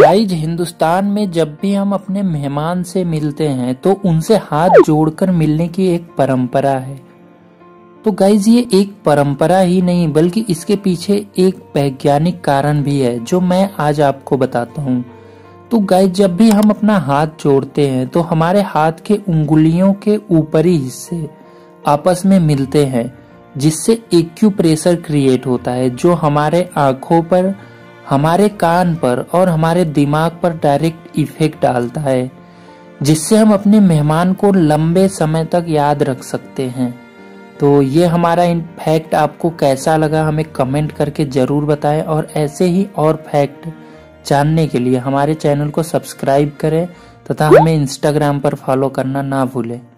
guys Hindustan में जब भी हम अपने मेहमान से मिलते हैं तो उनसे हाथ जोड़कर मिलने की एक परंपरा है तो गाइज ये एक परंपरा ही नहीं बल्कि इसके पीछे एक वैज्ञानिक कारण भी है जो मैं आज आपको बताता हूँ तो गाइज जब भी हम अपना हाथ जोड़ते हैं तो हमारे हाथ के उंगुलियों के ऊपरी हिस्से आपस में मिलते हैं जिससे एक्यूप्रेशर क्रिएट होता है जो हमारे आंखों पर हमारे कान पर और हमारे दिमाग पर डायरेक्ट इफेक्ट डालता है जिससे हम अपने मेहमान को लंबे समय तक याद रख सकते हैं तो ये हमारा फैक्ट आपको कैसा लगा हमें कमेंट करके ज़रूर बताएं और ऐसे ही और फैक्ट जानने के लिए हमारे चैनल को सब्सक्राइब करें तथा हमें इंस्टाग्राम पर फॉलो करना ना भूलें